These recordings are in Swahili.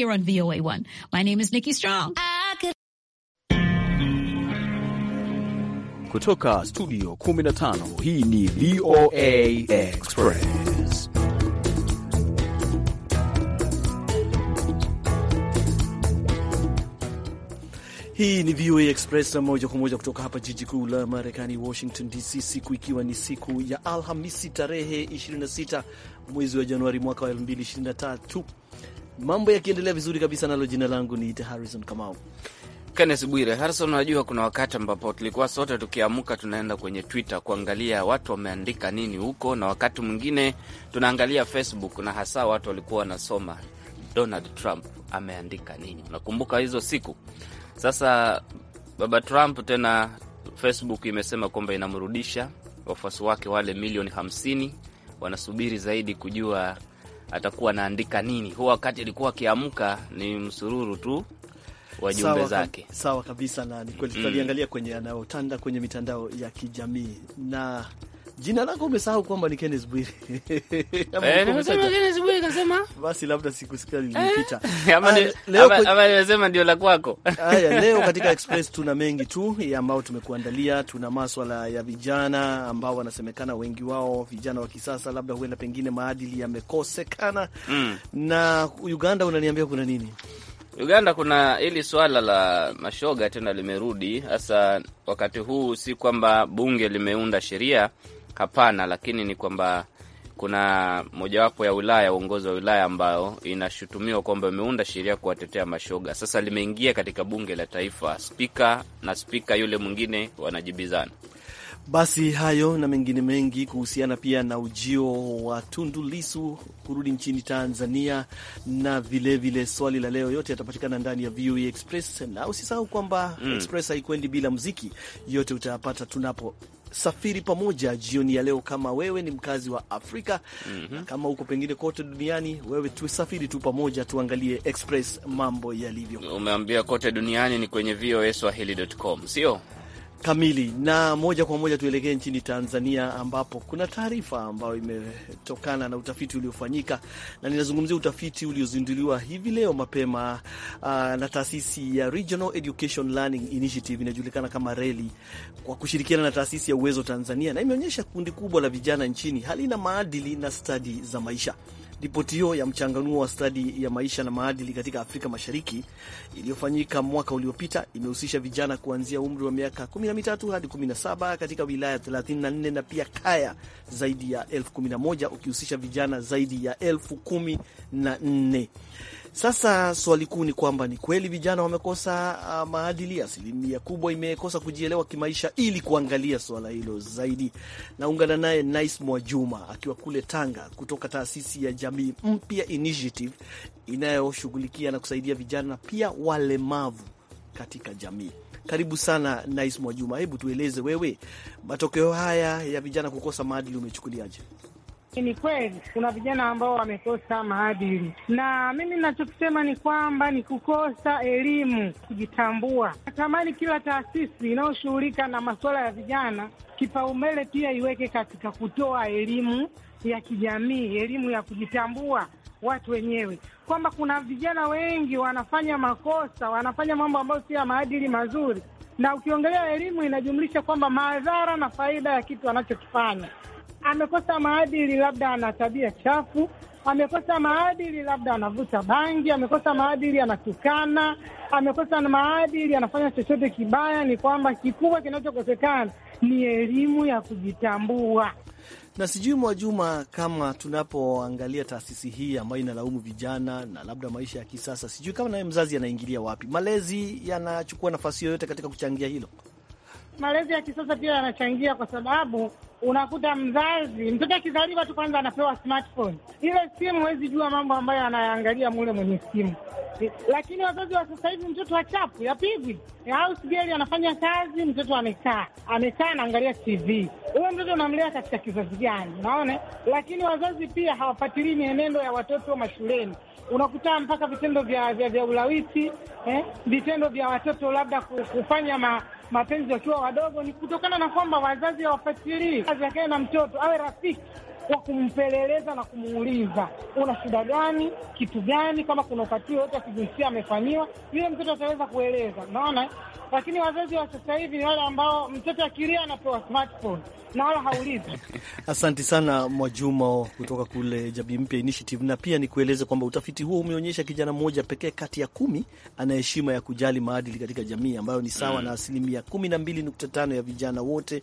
here on VOA1. My name is Nikki Strong. Kutoka studio 15, hii ni VOA Express. Hii ni VOA Express moja kwa moja kutoka hapa jiji kuu la Marekani, Washington DC, siku ikiwa ni siku ya Alhamisi tarehe 26 mwezi wa Januari mwaka wa 2023 Mambo yakiendelea vizuri kabisa, nalo jina langu ni Harrison Kamau. Kennes Bwire. Harrison, unajua kuna wakati ambapo tulikuwa sote tukiamka tunaenda kwenye Twitter kuangalia watu wameandika nini huko, na wakati mwingine tunaangalia Facebook, na hasa watu walikuwa wanasoma Donald Trump ameandika nini. Unakumbuka hizo siku? Sasa baba Trump tena, Facebook imesema kwamba inamrudisha wafuasi wake wale milioni 50 wanasubiri zaidi kujua atakuwa anaandika nini. Huwa wakati alikuwa akiamka ni msururu tu wa jumbe zake. Sawa kabisa, na ni kweli mm. tutaliangalia mm, kwenye anayotanda kwenye mitandao ya kijamii na Jina lako umesahau kwamba ni Kenneth Bwire. Eh, Kenneth Bwire kasema basi labda sikusikia nilipita. Eh? Ama nimesema ndio la kwako. Haya, leo katika Express tuna mengi tu ambayo tumekuandalia. Tuna maswala ya vijana ambao wanasemekana wengi wao vijana wa kisasa labda huenda pengine maadili yamekosekana. Mm. Na Uganda unaniambia kuna nini? Uganda kuna hili swala la mashoga tena limerudi, hasa wakati huu, si kwamba bunge limeunda sheria hapana, lakini ni kwamba kuna mojawapo ya wilaya, uongozi wa wilaya ambayo inashutumiwa kwamba imeunda sheria kuwatetea mashoga. Sasa limeingia katika bunge la taifa, spika na spika yule mwingine wanajibizana. Basi hayo na mengine mengi kuhusiana pia na ujio wa Tundu Lisu kurudi nchini Tanzania na vilevile vile swali la leo, yote yatapatikana ndani ya VOA e Express, na usisahau kwamba mm, Express haikwendi bila muziki, yote utayapata tunapo safiri pamoja jioni ya leo. Kama wewe ni mkazi wa Afrika mm -hmm. na kama huko pengine kote duniani, wewe tusafiri tu pamoja, tuangalie Express mambo yalivyo. Umeambia kote duniani ni kwenye voaswahili.com, sio? kamili na moja kwa moja tuelekee nchini Tanzania, ambapo kuna taarifa ambayo imetokana na utafiti uliofanyika, na ninazungumzia utafiti uliozinduliwa hivi leo mapema uh, na taasisi ya Regional Education Learning Initiative inayojulikana kama RELI kwa kushirikiana na taasisi ya Uwezo Tanzania, na imeonyesha kundi kubwa la vijana nchini halina maadili na stadi za maisha. Ripoti hiyo ya mchanganuo wa stadi ya maisha na maadili katika Afrika Mashariki iliyofanyika mwaka uliopita imehusisha vijana kuanzia umri wa miaka 13 hadi 17 katika wilaya 34 na pia kaya zaidi ya elfu 11 ukihusisha vijana zaidi ya elfu 14. Sasa swali kuu ni kwamba ni kweli vijana wamekosa uh, maadili. Asilimia kubwa imekosa kujielewa kimaisha. Ili kuangalia swala hilo zaidi, naungana naye Nice Mwajuma akiwa kule Tanga, kutoka taasisi ya Jamii Mpya Initiative inayoshughulikia na kusaidia vijana pia walemavu katika jamii. Karibu sana Nice Mwajuma, hebu tueleze wewe, matokeo haya ya vijana kukosa maadili umechukuliaje? Ni kweli kuna vijana ambao wamekosa maadili, na mimi nachokisema ni kwamba ni kukosa elimu, kujitambua. Natamani kila taasisi inayoshughulika na masuala ya vijana kipaumbele pia iweke katika kutoa elimu ya kijamii, elimu ya kujitambua watu wenyewe, kwamba kuna vijana wengi wanafanya makosa, wanafanya mambo ambayo si ya maadili mazuri, na ukiongelea elimu inajumlisha kwamba madhara na faida ya kitu anachokifanya amekosa maadili, labda ana tabia chafu, amekosa maadili, labda anavuta bangi, amekosa maadili, anatukana, amekosa maadili, anafanya chochote kibaya, ni kwamba kikubwa kinachokosekana ni elimu ya kujitambua na sijui Mwajuma, kama tunapoangalia taasisi hii ambayo inalaumu vijana na labda maisha ya kisasa, sijui kama naye mzazi anaingilia wapi, malezi yanachukua nafasi yoyote katika kuchangia hilo? malezi ya kisasa pia yanachangia, kwa sababu unakuta mzazi, mtoto akizaliwa tu kwanza anapewa smartphone. Ile simu huwezi jua mambo ambayo anayaangalia mule mwenye simu. Lakini wazazi wa sasa hivi, mtoto achapu yapigwi au sigeli, anafanya kazi, mtoto amekaa amekaa anaangalia TV. Huyo mtoto unamlea katika kizazi gani? Unaona, lakini wazazi pia hawafuatilii mienendo ya watoto mashuleni unakuta mpaka vitendo vya, vya, vya ulawiti eh, vitendo vya watoto labda kufanya ma, mapenzi wakiwa wadogo, ni kutokana na kwamba wazazi hawafuatilii kazi yake na mtoto awe rafiki wa kumpeleleza na kumuuliza una shida gani, kitu gani, kama kuna ukatili wote wa kijinsia amefanyiwa, yule mtoto ataweza kueleza, unaona. Lakini wazazi wa sasa hivi ni wale ambao mtoto akilia anapewa smartphone na wala haulizi. Asante sana Mwajuma kutoka kule Jamii Mpya Initiative. Na pia nikueleze kwamba utafiti huo umeonyesha kijana mmoja pekee kati ya kumi ana heshima ya kujali maadili katika jamii ambayo ni sawa mm, na asilimia kumi na mbili nukta tano ya vijana wote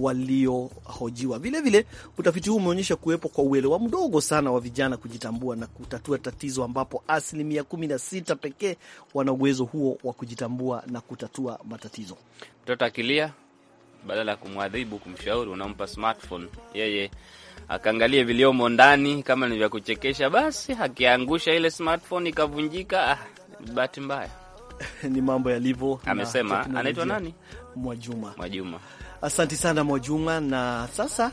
waliohojiwa. Vilevile utafiti huu umeonyesha inadhihirisha kuwepo kwa uelewa mdogo sana wa vijana kujitambua na kutatua tatizo, ambapo asilimia kumi na sita pekee wana uwezo huo wa kujitambua na kutatua matatizo. Mtoto akilia, badala ya kumwadhibu, kumshauri, unampa smartphone yeye akaangalie viliomo ndani, kama ni vya kuchekesha, basi akiangusha ile smartphone ikavunjika, ah, bahati mbaya ni mambo yalivyo. Amesema anaitwa nani? Mwajuma. Mwajuma, asanti sana Mwajuma. Na sasa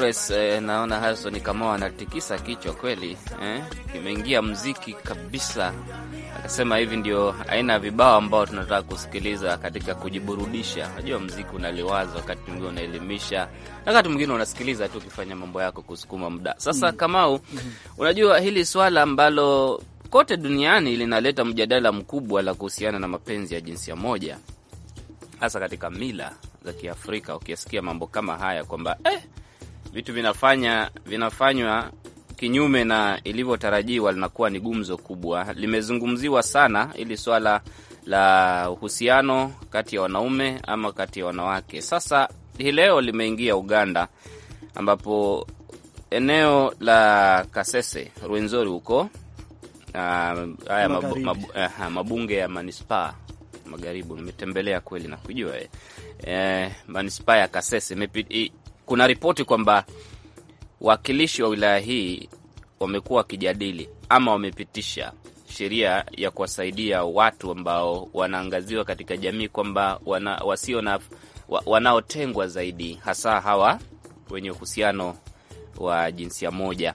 Express eh, naona Harrison Kamau anatikisa kichwa kweli eh, kimeingia mziki kabisa. Akasema hivi ndio aina ya vibao ambao tunataka kusikiliza katika kujiburudisha. Unajua mziki unaliwaza, wakati mwingine unaelimisha, na wakati mwingine unasikiliza tu ukifanya mambo yako kusukuma muda. Sasa mm. Kamau, mm-hmm. unajua hili swala ambalo kote duniani linaleta mjadala mkubwa la kuhusiana na mapenzi ya jinsia moja, hasa katika mila za Kiafrika, ukisikia mambo kama haya kwamba eh, vitu vinafanya vinafanywa kinyume na ilivyotarajiwa linakuwa ni gumzo kubwa. Limezungumziwa sana ili swala la uhusiano kati ya wanaume ama kati ya wanawake. Sasa hii leo limeingia Uganda, ambapo eneo la Kasese Rwenzori huko haya mabu, eh, mabunge ya manispaa magharibu nimetembelea kweli nakujua eh, eh manispaa ya Kasese kuna ripoti kwamba wakilishi wa wilaya hii wamekuwa wakijadili ama wamepitisha sheria ya kuwasaidia watu ambao wanaangaziwa katika jamii kwamba wana, wasio na wanaotengwa zaidi, hasa hawa wenye uhusiano wa jinsia moja.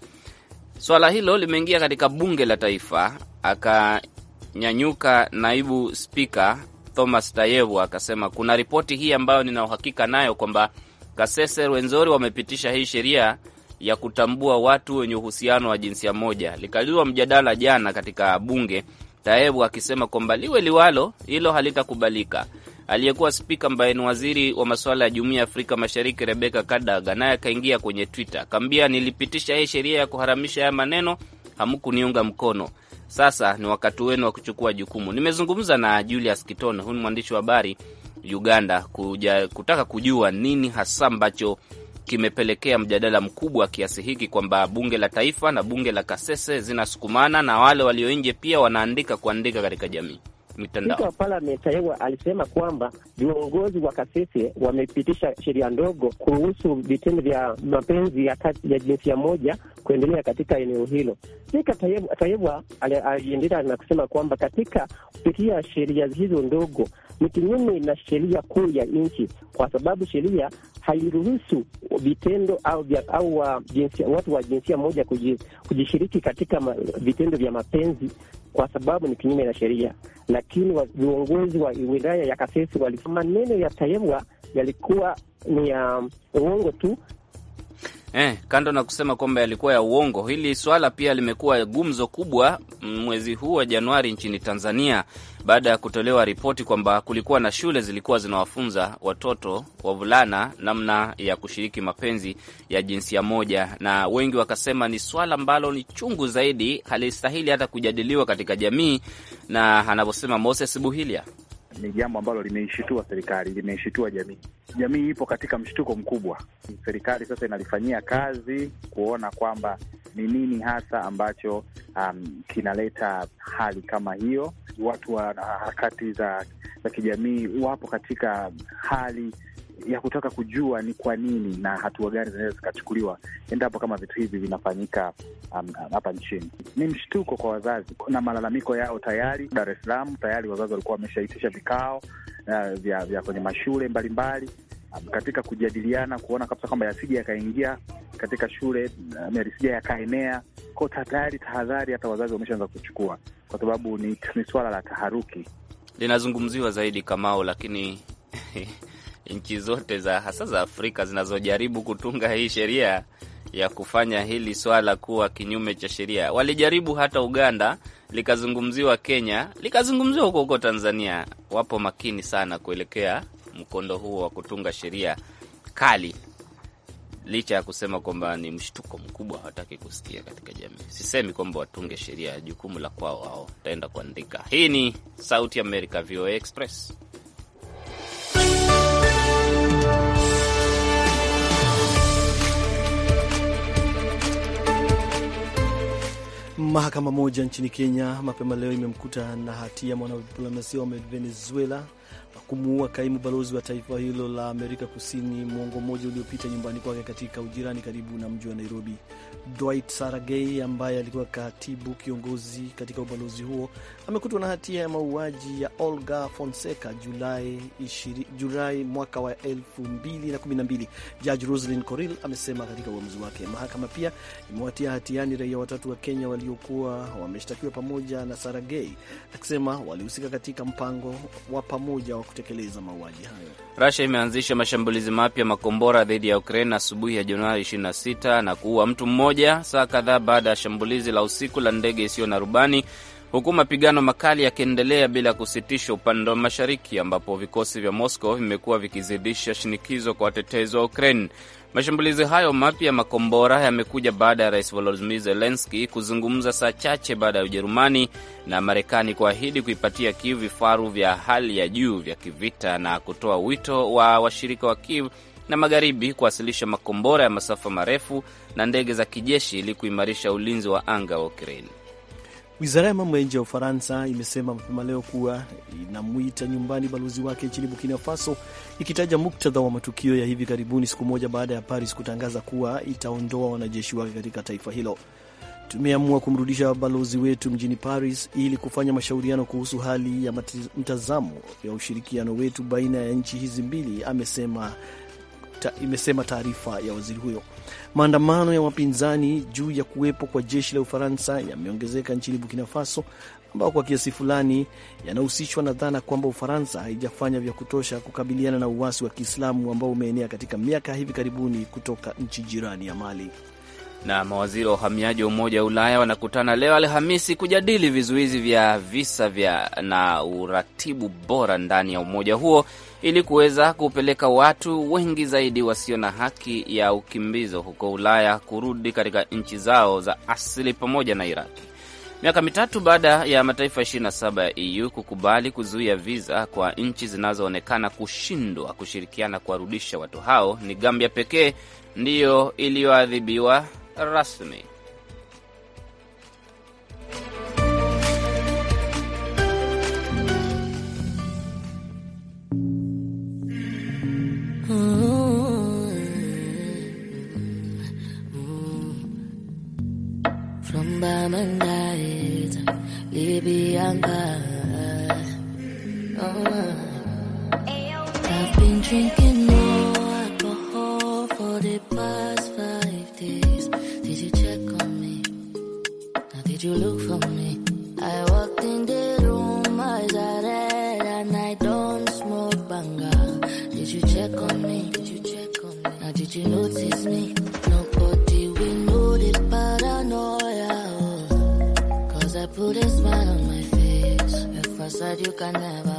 Swala hilo limeingia katika bunge la taifa, akanyanyuka naibu spika Thomas Tayevu akasema kuna ripoti hii ambayo nina uhakika nayo kwamba Kasese Rwenzori wamepitisha hii sheria ya kutambua watu wenye uhusiano wa jinsia moja. Likaliwa mjadala jana katika bunge, Taebu akisema kwamba liwe liwalo, hilo halitakubalika. Aliyekuwa spika ambaye ni waziri wa masuala ya jumuiya ya Afrika Mashariki, Rebeka Kadaga, naye akaingia kwenye Twitter akaambia, nilipitisha hii sheria ya kuharamisha haya maneno, hamkuniunga mkono. Sasa ni wakati wenu wa kuchukua jukumu. Nimezungumza na Julius Kitone, huyu mwandishi wa habari Uganda kuja, kutaka kujua nini hasa ambacho kimepelekea mjadala mkubwa wa kiasi hiki kwamba bunge la taifa na bunge la Kasese zinasukumana na wale walio nje pia wanaandika kuandika katika jamii mitandao. Spika wa parliament alisema kwamba viongozi wa kasisi wamepitisha sheria ndogo kuruhusu vitendo vya mapenzi ya, ya jinsia moja kuendelea katika eneo hilo. Spika Tayewa aliendelea na kusema kwamba katika kupitia sheria hizo ndogo ni kinyume na sheria kuu ya nchi, kwa sababu sheria hairuhusu vitendo au, au wa jinsia, watu wa jinsia moja kujishiriki katika ma, vitendo vya mapenzi kwa sababu ni kinyume na sheria, lakini viongozi wa wilaya ya Kasese walisema maneno ya Tayebwa yalikuwa ni ya uongo tu, Eh, kando na kusema kwamba yalikuwa ya uongo, hili swala pia limekuwa gumzo kubwa mwezi huu wa Januari nchini Tanzania baada ya kutolewa ripoti kwamba kulikuwa na shule zilikuwa zinawafunza watoto wavulana namna ya kushiriki mapenzi ya jinsia moja, na wengi wakasema ni swala ambalo ni chungu zaidi, halistahili hata kujadiliwa katika jamii, na anavyosema Moses Buhilia ni jambo ambalo limeishitua serikali, limeishitua jamii. Jamii ipo katika mshtuko mkubwa. Serikali sasa inalifanyia kazi kuona kwamba ni nini hasa ambacho um, kinaleta hali kama hiyo. Watu wa harakati za, za kijamii wapo katika hali ya kutaka kujua ni kwa nini na hatua gani zinaweza zikachukuliwa endapo kama vitu hivi vinafanyika um, hapa um, nchini. Ni mshtuko kwa wazazi na malalamiko yao tayari. Dar es Salaam tayari wazazi walikuwa wameshaitisha vikao uh, vya, vya kwenye mashule mbalimbali mbali, um, katika kujadiliana kuona kabisa kwamba yasija yakaingia katika shule um, yasija yakaenea ko tayari tahadhari hata wazazi wameshaanza kuchukua, kwa sababu ni, ni swala la taharuki linazungumziwa zaidi kamao, lakini nchi zote za hasa za Afrika zinazojaribu kutunga hii sheria ya kufanya hili swala kuwa kinyume cha sheria. Walijaribu hata Uganda, likazungumziwa Kenya, likazungumziwa huko huko Tanzania. Wapo makini sana kuelekea mkondo huo wa kutunga sheria kali, licha ya kusema kwamba ni mshtuko mkubwa, hawataki kusikia katika jamii. Sisemi kwamba watunge sheria, jukumu la kwao wao, taenda kuandika. Hii ni Sauti America, VOA Express. Mahakama moja nchini Kenya mapema leo imemkuta na hatia mwanadiplomasia wa Venezuela kumuua kaimu balozi wa taifa hilo la Amerika Kusini mwongo mmoja uliopita nyumbani kwake katika ujirani karibu na mji wa Nairobi. Dwight Saragei ambaye alikuwa katibu kiongozi katika ubalozi huo amekutwa na hatia ya mauaji ya Olga Fonseca Julai, ishiri, Julai mwaka wa 2012. Jaji Roslyn Coril amesema katika uamuzi wake. Mahakama pia imewatia hatiani raia watatu wa Kenya waliokuwa wameshtakiwa pamoja na Saragei akisema walihusika katika mpango wa pamoja wa kutekeleza mauaji hayo. Russia imeanzisha mashambulizi mapya makombora dhidi ya Ukraine asubuhi ya Januari 26 na kuua mtu mmoja saa kadhaa baada ya shambulizi la usiku la ndege isiyo na rubani huku mapigano makali yakiendelea bila kusitishwa upande wa mashariki, ambapo vikosi vya Moscow vimekuwa vikizidisha shinikizo kwa watetezi wa Ukraine. Mashambulizi hayo mapya ya makombora yamekuja baada ya rais Volodymyr Zelensky kuzungumza saa chache baada ya Ujerumani na Marekani kuahidi kuipatia Kiev vifaru vya hali ya juu vya kivita na kutoa wito wa washirika wa Kiev na magharibi kuwasilisha makombora ya masafa marefu na ndege za kijeshi ili kuimarisha ulinzi wa anga wa Ukraini. Wizara ya mambo ya nje ya Ufaransa imesema mapema leo kuwa inamwita nyumbani balozi wake nchini Burkina Faso, ikitaja muktadha wa matukio ya hivi karibuni, siku moja baada ya Paris kutangaza kuwa itaondoa wanajeshi wake katika taifa hilo. Tumeamua kumrudisha balozi wetu mjini Paris ili kufanya mashauriano kuhusu hali ya mtazamo ya ushirikiano wetu baina ya nchi hizi mbili, amesema ta, imesema taarifa ya waziri huyo. Maandamano ya wapinzani juu ya kuwepo kwa jeshi la Ufaransa yameongezeka nchini Burkina Faso, ambao kwa kiasi fulani yanahusishwa na dhana kwamba Ufaransa haijafanya vya kutosha kukabiliana na uasi wa Kiislamu ambao umeenea katika miaka hivi karibuni kutoka nchi jirani ya Mali na mawaziri wa uhamiaji wa Umoja wa Ulaya wanakutana leo Alhamisi kujadili vizuizi vya visa vya na uratibu bora ndani ya umoja huo ili kuweza kupeleka watu wengi zaidi wasio na haki ya ukimbizo huko Ulaya kurudi katika nchi zao za asili pamoja na Iraki. Miaka mitatu baada ya mataifa 27 ya EU kukubali kuzuia viza kwa nchi zinazoonekana kushindwa kushirikiana kuwarudisha watu hao, ni Gambia pekee ndiyo iliyoadhibiwa rasmi. Libyanka oh. I've been drinking more alcohol for the past five days Did you check on me? Now did you look for me? I walked in the room, eyes are red and I don't smoke banga Did you check on me? Did you check on me? Now did you notice me? you can never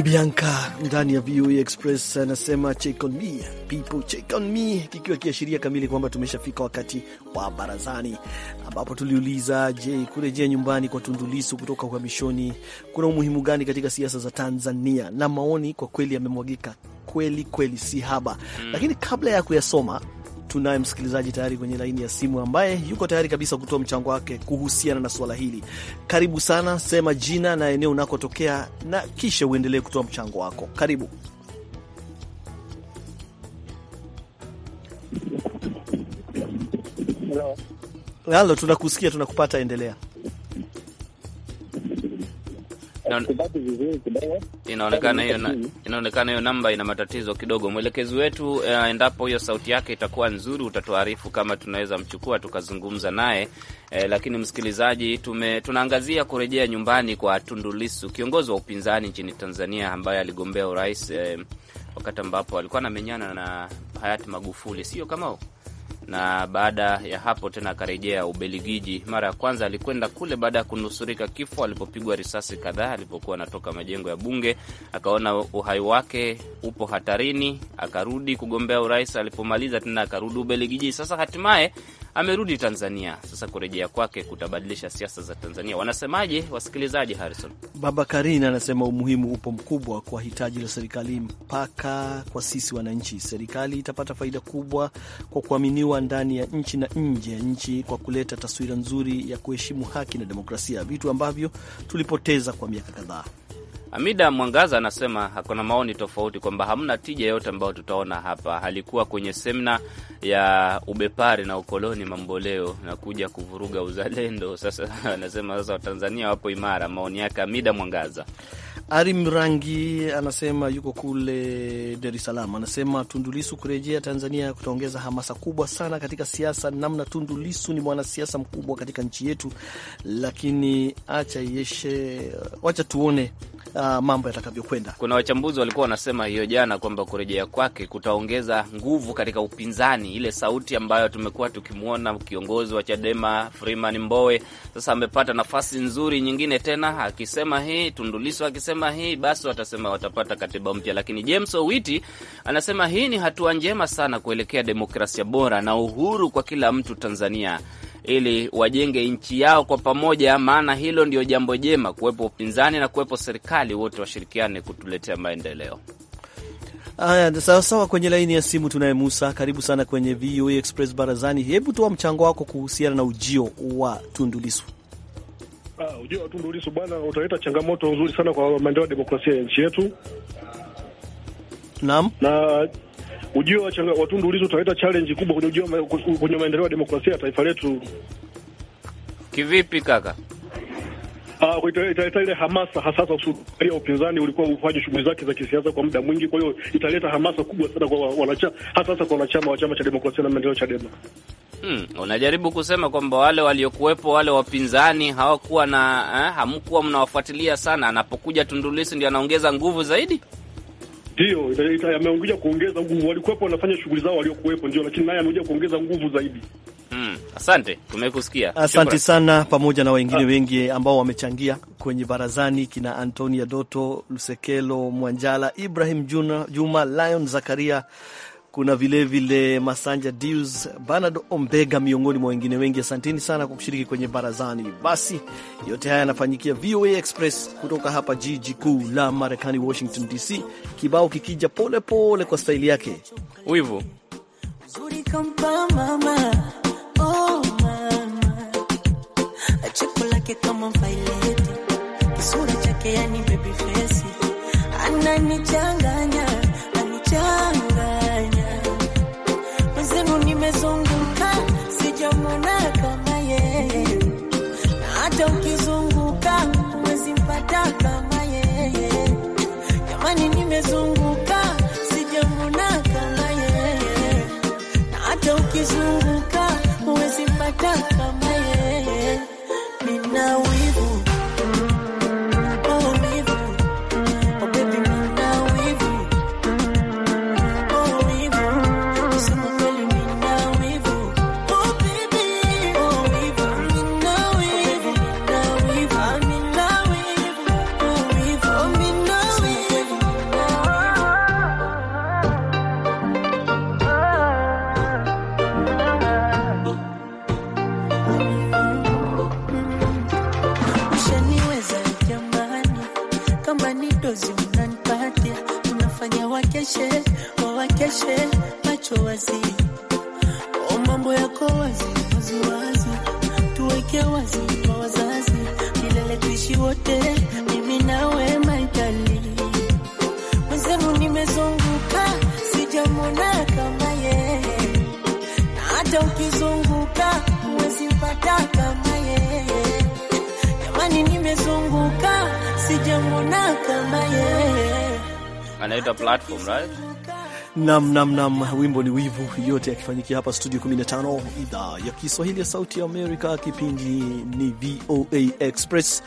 ni Bianca ndani ya VOA e Express anasema check on me people, check on me, kikiwa kiashiria kamili kwamba tumeshafika wakati wa barazani, ambapo tuliuliza je, kurejea nyumbani kwa Tundulisu kutoka uhamishoni kuna umuhimu gani katika siasa za Tanzania? Na maoni kwa kweli yamemwagika kweli kweli, si haba. Hmm. Lakini kabla ya kuyasoma tunaye msikilizaji tayari kwenye laini ya simu ambaye yuko tayari kabisa kutoa mchango wake kuhusiana na suala hili. Karibu sana, sema jina na eneo unakotokea na kisha uendelee kutoa mchango wako. Karibu. Halo, tunakusikia, tunakupata, endelea. Inaonekana hiyo inaonekana hiyo namba ina matatizo kidogo. Mwelekezi wetu uh, endapo hiyo sauti yake itakuwa nzuri, utatuarifu kama tunaweza mchukua tukazungumza naye eh. Lakini msikilizaji, tume, tunaangazia kurejea nyumbani kwa Tundu Lissu, kiongozi wa upinzani nchini Tanzania ambaye aligombea urais eh, wakati ambapo alikuwa anamenyana na hayati Magufuli, sio kama na baada ya hapo tena akarejea Ubeligiji. Mara ya kwanza alikwenda kule baada ya kunusurika kifo alipopigwa risasi kadhaa alipokuwa anatoka majengo ya bunge, akaona uhai wake upo hatarini, akarudi kugombea urais. Alipomaliza tena akarudi Ubeligiji. Sasa hatimaye amerudi Tanzania. Sasa kurejea kwake kutabadilisha siasa za Tanzania. Wanasemaje wasikilizaji? Harrison Baba Karina anasema umuhimu upo mkubwa kwa hitaji la serikali mpaka kwa sisi wananchi. Serikali itapata faida kubwa kwa kuaminiwa ndani ya nchi na nje ya nchi kwa kuleta taswira nzuri ya kuheshimu haki na demokrasia, vitu ambavyo tulipoteza kwa miaka kadhaa. Amida Mwangaza anasema akona maoni tofauti kwamba hamna tija yote ambayo tutaona hapa. Alikuwa kwenye semina ya ubepari na ukoloni mamboleo na kuja kuvuruga uzalendo. Sasa anasema sasa Watanzania wapo imara. Maoni yake Amida Mwangaza. Ari Mrangi anasema yuko kule Dar es Salaam, anasema Tundulisu kurejea Tanzania kutaongeza hamasa kubwa sana katika siasa. Namna Tundulisu ni mwanasiasa mkubwa katika nchi yetu, lakini acha yeshe, wacha tuone uh, mambo yatakavyokwenda. Kuna wachambuzi walikuwa wanasema hiyo jana kwamba kurejea kwake kutaongeza nguvu katika upinzani, ile sauti ambayo tumekuwa tukimwona kiongozi wa Chadema Freeman Mbowe sasa amepata nafasi nzuri nyingine tena, akisema hii, Tunduliso akisema hii, basi watasema watapata katiba mpya. Lakini James Owiti anasema hii ni hatua njema sana kuelekea demokrasia bora na uhuru kwa kila mtu Tanzania ili wajenge nchi yao kwa pamoja, maana hilo ndio jambo jema, kuwepo upinzani na kuwepo serikali, wote washirikiane kutuletea maendeleo. Haya, sawasawa. Kwenye laini ya simu tunaye Musa. Karibu sana kwenye VOA Express Barazani. Hebu toa mchango wako kuhusiana na ujio wa tundulisu Uh, ah, ujio wa bana bwana, utaleta changamoto nzuri sana kwa maendeleo ya demokrasia ya nchi yetu. Naam, na ujio wa Tundu Lissu utaleta challenge kubwa kwenye ujio kwenye maendeleo ya demokrasia ya taifa letu. Kivipi kaka? Uh, ah, italeta ile hamasa hasa sasa. Upinzani ulikuwa ufanye shughuli zake za kisiasa kwa muda mwingi, kwa hiyo italeta hamasa kubwa sana kwa wanachama, hasa hasa kwa wanachama wa chama cha demokrasia na maendeleo Chadema. Hmm, unajaribu kusema kwamba wale waliokuwepo wale wapinzani hawakuwa na eh, hamkuwa mnawafuatilia sana, anapokuja Tundu Lissu ndio anaongeza nguvu zaidi. Ndio, amekuja kuongeza nguvu. Walikuwepo wanafanya shughuli zao waliokuwepo, ndio, lakini naye amekuja kuongeza nguvu zaidi. Mm, asante, tumekusikia. Asante sana, pamoja na wengine wengi ambao wamechangia kwenye barazani, kina Antonia Doto, Lusekelo Mwanjala, Ibrahim Juma, Lion Zakaria kuna vilevile vile Masanja Deus, Bernard Ombega, miongoni mwa wengine wengi. Asanteni sana kwa kushiriki kwenye barazani. Basi yote haya yanafanyikia VOA Express kutoka hapa jiji kuu la Marekani, Washington DC. Kibao kikija pole pole kwa staili yake wivu kichwa wazi, o oh, mambo yako wazi wazi wazi, tuweke wazi kwa wazazi, milele tuishi wote, mimi nawe maikali mwenzenu, nimezunguka sijamona kama yeye, na hata ukizunguka huwezi mpata kama yeye. Jamani, nimezunguka sijamona kama yeye, anaitwa Platform, right? Nam, nam, nam, wimbo ni wivu, yote yakifanyikia hapa studio 15 idhaa ya Kiswahili ya Sauti ya Amerika. Kipindi ni VOA Express,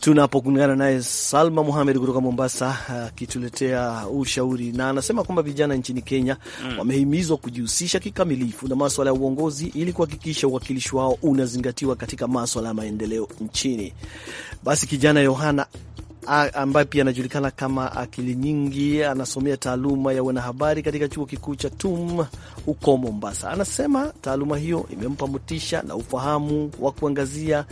tunapokungana naye Salma Muhamed kutoka Mombasa akituletea ushauri, na anasema kwamba vijana nchini Kenya mm, wamehimizwa kujihusisha kikamilifu na maswala ya uongozi ili kuhakikisha uwakilishi wao unazingatiwa katika maswala ya maendeleo nchini. Basi kijana Yohana ambaye pia anajulikana kama akili nyingi, anasomea taaluma ya wanahabari katika chuo kikuu cha TUM huko Mombasa. Anasema taaluma hiyo imempa motisha na ufahamu wa kuangazia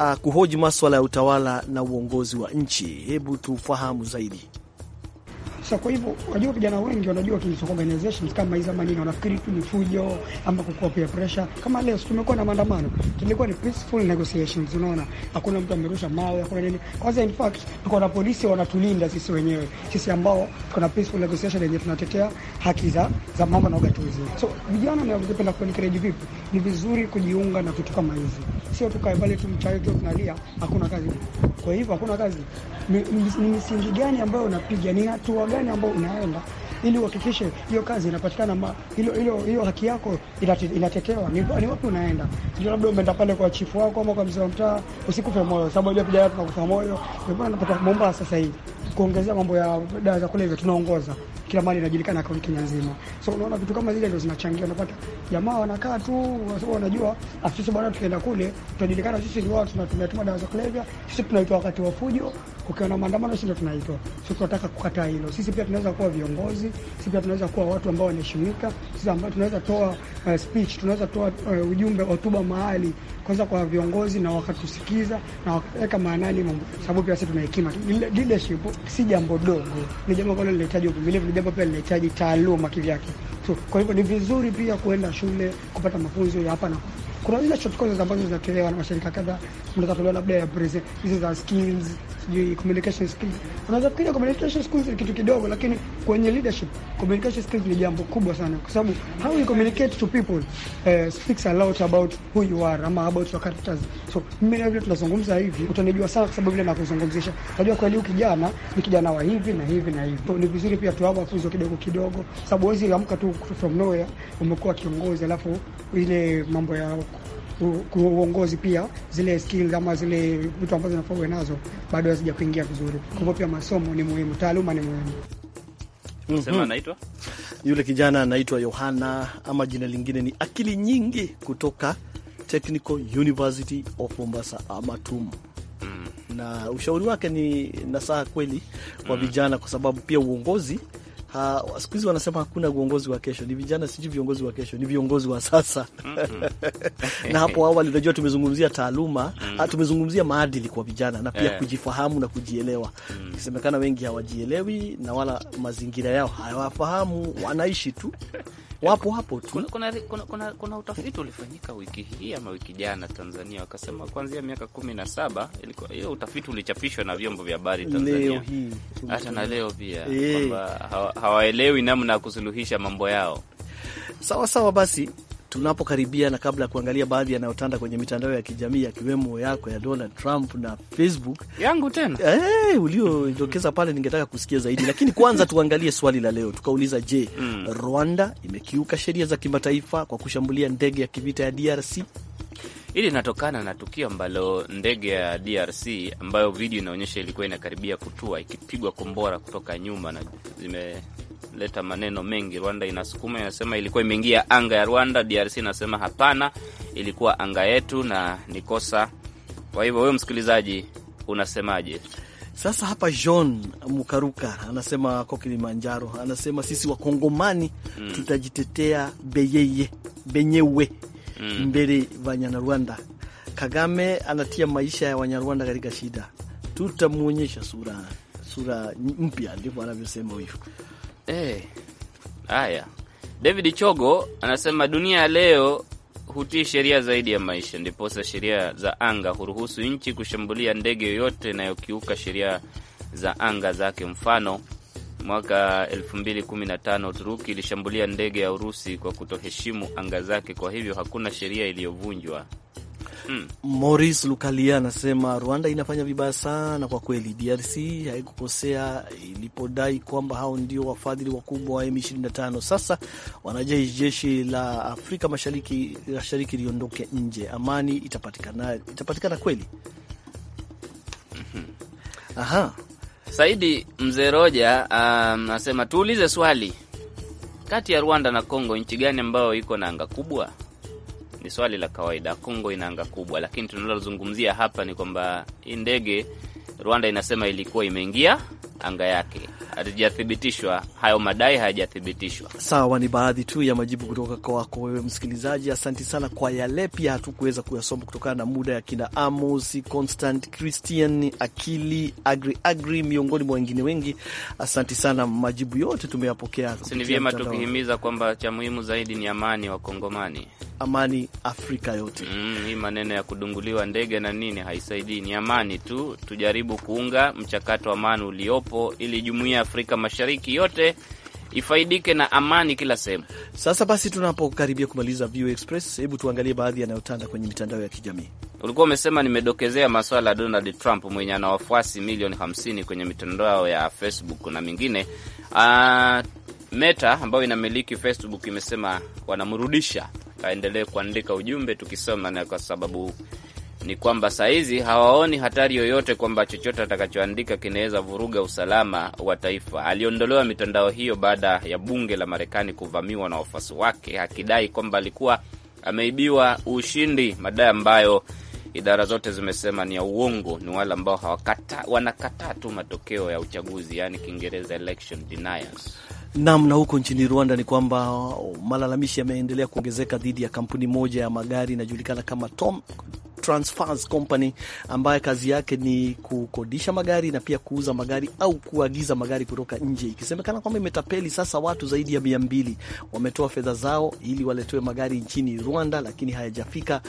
uh, kuhoji maswala ya utawala na uongozi wa nchi. Hebu tufahamu zaidi. So kwa hivyo unajua, vijana wengi wanajua kilicho organizations kama hizo zamani, wanafikiri tu ni fujo ama kukua peer pressure. Kama leo tumekuwa na maandamano, tulikuwa ni peaceful negotiations, unaona, hakuna mtu amerusha mawe, hakuna nini. Kwanza in fact tuko na polisi wanatulinda sisi wenyewe, sisi ambao tuko na peaceful negotiation yenye tunatetea haki za za mama na ugatuzi. So vijana, na ningependa kuencourage vipi, ni vizuri kujiunga na vitu kama hizi, sio tukae pale tumchawe tu tunalia, hakuna kazi. Kwa hivyo hakuna kazi, ni misingi gani ambayo unapiga, ni hatua gani ambao unaenda ili uhakikishe hiyo kazi inapatikana, hiyo haki yako inatetewa. Ni wapi unaenda? Ndio labda umeenda pale kwa chifu wako ama kwa mzee wa mtaa. Usikufe moyo, sababu unajua vijana tunakufa moyo. Ndio maana tunataka Mombasa sasa hivi kuongezea mambo ya dawa za kulevya, tunaongoza kila mahali, inajulikana kwa Kenya nzima. So unaona vitu kama zile ndio zinachangia, unapata jamaa wanakaa tu, wanajua afisa ah, bwana, tukienda kule tutajulikana sisi ni watu tunatumia dawa za kulevya, sisi tunaitwa wakati wa fujo kukiwa na maandamano, sisi ndo tunaitwa. Sisi tunataka kukataa hilo. Sisi pia tunaweza kuwa viongozi, sisi pia tunaweza kuwa watu ambao wanaheshimika, sisi ambao tunaweza toa uh, speech, tunaweza toa uh, ujumbe, hotuba mahali kwanza kwa viongozi, na wakatusikiza na wakaweka maanani mambo, sababu pia sisi tuna hekima. Leadership si jambo dogo, ni jambo ambalo linahitaji uvumilivu, ni jambo pia linahitaji taaluma kivyake. So, kwa hivyo ni vizuri pia kuenda shule kupata mafunzo ya hapa na kuna zile short courses ambazo zinatolewa na mashirika kadhaa, mnaweza tolewa labda ya hizo za skills sijui communication skills. Unaweza kufikiria communication skills ni kitu kidogo, lakini kwenye leadership communication skills ni jambo kubwa sana, kwa sababu how you communicate to people uh, speaks a lot about who you are ama about your characters. So mimi na vile tunazungumza hivi, utanijua sana kwa sababu vile nakuzungumzisha, Unajua kweli huyu kijana ni kijana wa hivi na hivi na hivi. So, ni vizuri pia tuwapa mafunzo kidogo kidogo, sababu huwezi amka tu from nowhere umekuwa kiongozi, alafu ile mambo ya uongozi pia zile skills ama zile vitu ambazo nafaa uwe nazo bado hazija kuingia vizuri. Kwa hivyo pia masomo ni muhimu, taaluma ni muhimu. Mm -hmm. Yule kijana anaitwa Yohana ama jina lingine ni Akili Nyingi kutoka Technical University of Mombasa ama TUM mhm. na ushauri wake ni nasaha kweli kwa mhm. vijana, kwa sababu pia uongozi uh, siku hizi wanasema hakuna uongozi wa kesho, ni vijana, sijui viongozi wa kesho, ni viongozi wa sasa mm na hapo awali unajua tumezungumzia taaluma mm ah, tumezungumzia maadili kwa vijana na pia yeah. kujifahamu na kujielewa mm. ikisemekana wengi hawajielewi na wala mazingira yao hawafahamu, wanaishi tu wapo hapo tu. Kuna, kuna, kuna, kuna, kuna utafiti ulifanyika wiki hii ama wiki jana Tanzania, wakasema kuanzia miaka kumi na saba hiyo utafiti ulichapishwa na vyombo vya habari Tanzania hata na leo pia eh. kwamba hawaelewi namna ya kusuluhisha mambo yao. Sawa sawa, basi tunapokaribia na kabla ya kuangalia baadhi yanayotanda kwenye mitandao ya kijamii yakiwemo yako ya Donald Trump na Facebook yangu tena hey, eh, uliodokeza pale, ningetaka kusikia zaidi, lakini kwanza tuangalie swali la leo. Tukauliza, je, mm. Rwanda imekiuka sheria za kimataifa kwa kushambulia ndege ya kivita ya DRC? Hili linatokana na tukio ambalo ndege ya DRC ambayo video inaonyesha ilikuwa inakaribia kutua ikipigwa kombora kutoka nyuma, na zimeleta maneno mengi. Rwanda inasukuma inasema ilikuwa imeingia anga ya Rwanda, DRC inasema hapana, ilikuwa anga yetu na ni kosa. Kwa hivyo wewe msikilizaji, unasemaje? Sasa hapa John Mukaruka anasema ko Kilimanjaro, anasema sisi Wakongomani mm, tutajitetea beyeye benyewe mm. mbele Wanyarwanda. Kagame anatia maisha ya Wanyarwanda katika shida, tutamwonyesha sura sura mpya, ndivyo anavyosema huyu. Hey, eh, haya. David Chogo anasema dunia ya leo hutii sheria zaidi ya maisha, ndiposa sheria za anga huruhusu nchi kushambulia ndege yoyote inayokiuka sheria za anga zake, mfano Mwaka 2015 Uturuki ilishambulia ndege ya Urusi kwa kutoheshimu anga zake, kwa hivyo hakuna sheria iliyovunjwa. Hmm. Maurice Lukalia anasema Rwanda inafanya vibaya sana kwa kweli. DRC haikukosea ilipodai kwamba hao ndio wafadhili wakubwa wa M25. Sasa wanajeshi jeshi la Afrika Mashariki Mashariki liondoke nje, amani itapatikana, itapatikana kweli. Hmm. Aha. Saidi Mzee Roja anasema um, tuulize swali, kati ya Rwanda na Kongo nchi gani ambayo iko na anga kubwa? Ni swali la kawaida. Kongo ina anga kubwa, lakini tunalozungumzia hapa ni kwamba hii ndege Rwanda inasema ilikuwa imeingia anga yake hatujathibitishwa hayo madai, hayajathibitishwa. Sawa, ni baadhi tu ya majibu kutoka kwako wewe msikilizaji. Asanti sana kwa yale pia hatukuweza kuyasoma kutokana na muda, ya kina Amos Constant, Christian Akili, Agri Agri, miongoni mwa wengine wengi. Asanti sana, majibu yote tumeyapokea. Ni vyema tukihimiza kwamba cha muhimu zaidi ni amani Wakongomani, amani Afrika yote. Mm, hii maneno ya kudunguliwa ndege na nini haisaidii, ni amani tu. Tujaribu kuunga mchakato wa amani uliopo ili jumuia Afrika Mashariki yote ifaidike na amani kila sehemu. Sasa basi, tunapokaribia kumaliza VOA Express, hebu tuangalie baadhi yanayotanda kwenye mitandao ya kijamii. Ulikuwa umesema nimedokezea maswala ya Donald Trump mwenye ana wafuasi milioni 50 kwenye mitandao ya Facebook na mingine. Uh, Meta ambayo inamiliki Facebook imesema wanamrudisha aendelee kuandika ujumbe tukisoma, na kwa sababu ni kwamba sahizi hawaoni hatari yoyote kwamba chochote atakachoandika kinaweza vuruga usalama wa taifa. Aliondolewa mitandao hiyo baada ya bunge la Marekani kuvamiwa na wafuasi wake, akidai kwamba alikuwa ameibiwa ushindi, madai ambayo idara zote zimesema ni ya uongo, ni wale ambao wanakataa tu matokeo ya uchaguzi, yaani Kiingereza election deniers namna huko nchini Rwanda ni kwamba malalamishi yameendelea kuongezeka dhidi ya kampuni moja ya magari inajulikana kama Tom Transfers Company kazi yake ni kukodisha magari na pia kuuza magari au kuagiza magari kutoka nje, ikisemekana kwamba imetapeli sasa watu zaidi ya mia mbili. Wametoa fedha zao ili waletewe magari nchini Rwanda, lakini hayajafika,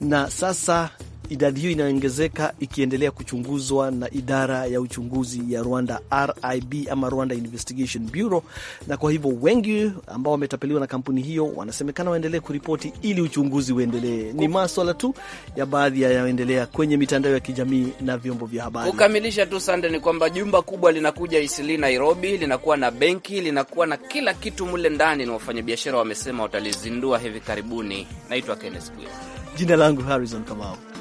na sasa idadi hiyo inaongezeka ikiendelea kuchunguzwa na idara ya uchunguzi ya Rwanda, RIB ama Rwanda Investigation Bureau, na kwa hivyo wengi ambao wametapeliwa na kampuni hiyo wanasemekana waendelee kuripoti ili uchunguzi uendelee. Ni maswala tu ya baadhi yanayoendelea kwenye mitandao ya kijamii na vyombo vya habari. Kukamilisha tu Sande ni kwamba jumba kubwa linakuja Isili, Nairobi, linakuwa na benki, linakuwa na kila kitu mule ndani, na wafanyabiashara wamesema watalizindua hivi karibuni. Naitwa Kenneth Bwire, jina langu Harrison Kamau.